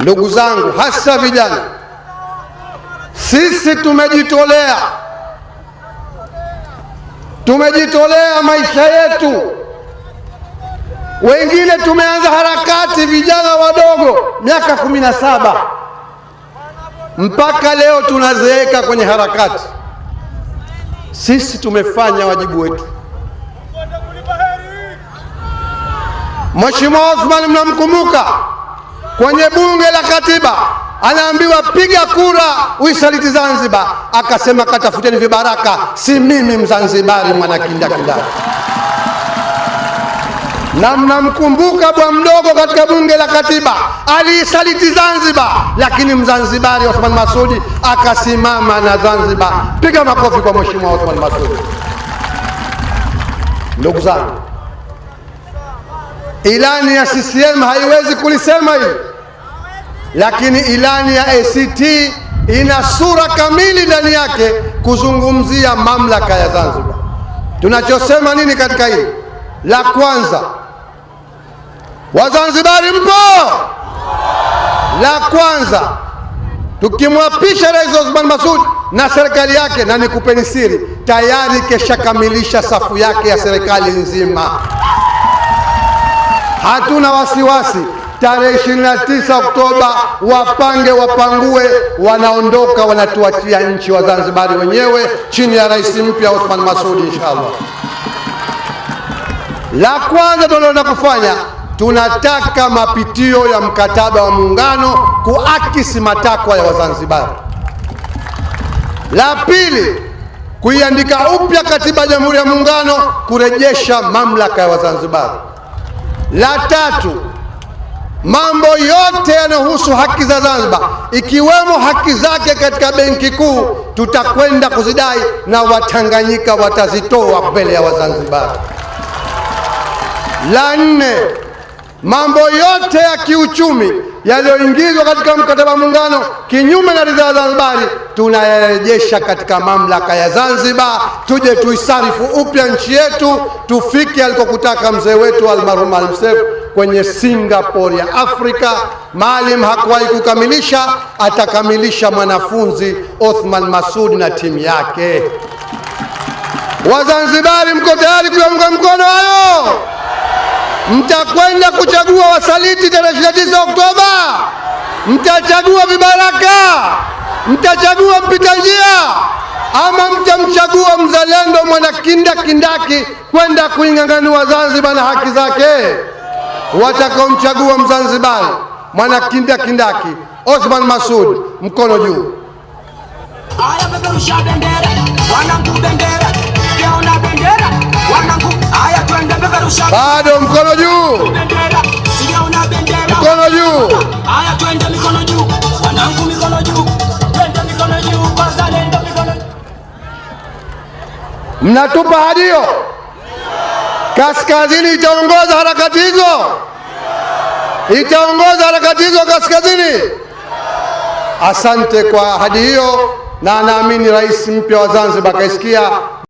Ndugu zangu, hasa vijana, sisi tumejitolea, tumejitolea maisha yetu. Wengine tumeanza harakati vijana wadogo miaka kumi na saba mpaka leo tunazeeka kwenye harakati. Sisi tumefanya wajibu wetu. Mheshimiwa Othman mnamkumbuka? kwenye bunge la katiba, anaambiwa piga kura uisaliti Zanzibar, akasema katafuteni vibaraka, si mimi Mzanzibari mwanakindakinda. Na mnamkumbuka bwa mdogo katika bunge la katiba aliisaliti Zanzibar, lakini Mzanzibari Othman Masudi akasimama na Zanzibar. Piga makofi kwa mheshimiwa Othman Masudi. Ndugu zangu, ilani ya CCM haiwezi kulisema hili lakini ilani ya ACT ina sura kamili ndani yake kuzungumzia mamlaka ya Zanzibar. Tunachosema nini katika hili? La kwanza, Wazanzibari mpo? La kwanza, tukimwapisha Rais Othman Masoud na serikali yake, na nikupeni siri, tayari keshakamilisha safu yake ya serikali nzima. Hatuna wasiwasi tarehe 29 Oktoba wapange wapangue, wanaondoka wanatuachia nchi Wazanzibari wenyewe chini ya rais mpya Othman Masudi, inshallah. La kwanza tunaloenda kufanya tunataka mapitio ya mkataba wa muungano kuakisi matakwa ya Wazanzibari. La pili, kuiandika upya katiba ya Jamhuri ya Muungano kurejesha mamlaka ya Wazanzibari. La tatu mambo yote yanayohusu haki za Zanzibar ikiwemo haki zake katika benki kuu tutakwenda kuzidai na Watanganyika watazitoa mbele ya Wazanzibari. La nne, mambo yote ya kiuchumi yaliyoingizwa katika mkataba muungano kinyume na ridhaa ya Zanzibari tunayarejesha katika mamlaka ya Zanzibar, tuje tuisarifu upya nchi yetu, tufike alikokutaka mzee wetu almarhum Maalim Seif kwenye Singapore ya Afrika. Maalim hakuwahi kukamilisha, atakamilisha mwanafunzi Othman Masudi na timu yake. Wazanzibari, mko tayari kuyaunga mkono hayo? Mtakwenda kuchagua wasaliti tarehe 29 Oktoba, mtachagua vibaraka, mtachagua mpita njia, ama mtamchagua mzalendo mwana kindaki kwenda kuinganganua Zanzibar na haki zake watakaomchagua Mzanzibari mwana kinda kindaki Osman Masud, mkono juu. Haya, peperusha bendera wanangu, bendera kiona bendera wanangu. Haya, twende, peperusha bado, mkono juu, mkono juu. Haya, twende, mikono juu wanangu, mikono juu, twende, mikono juu, kwa zalendo, mikono. Mnatupa hadio Kaskazini itaongoza harakati hizo, itaongoza harakati hizo kaskazini. Asante kwa ahadi hiyo, na naamini rais mpya wa Zanzibar akaisikia.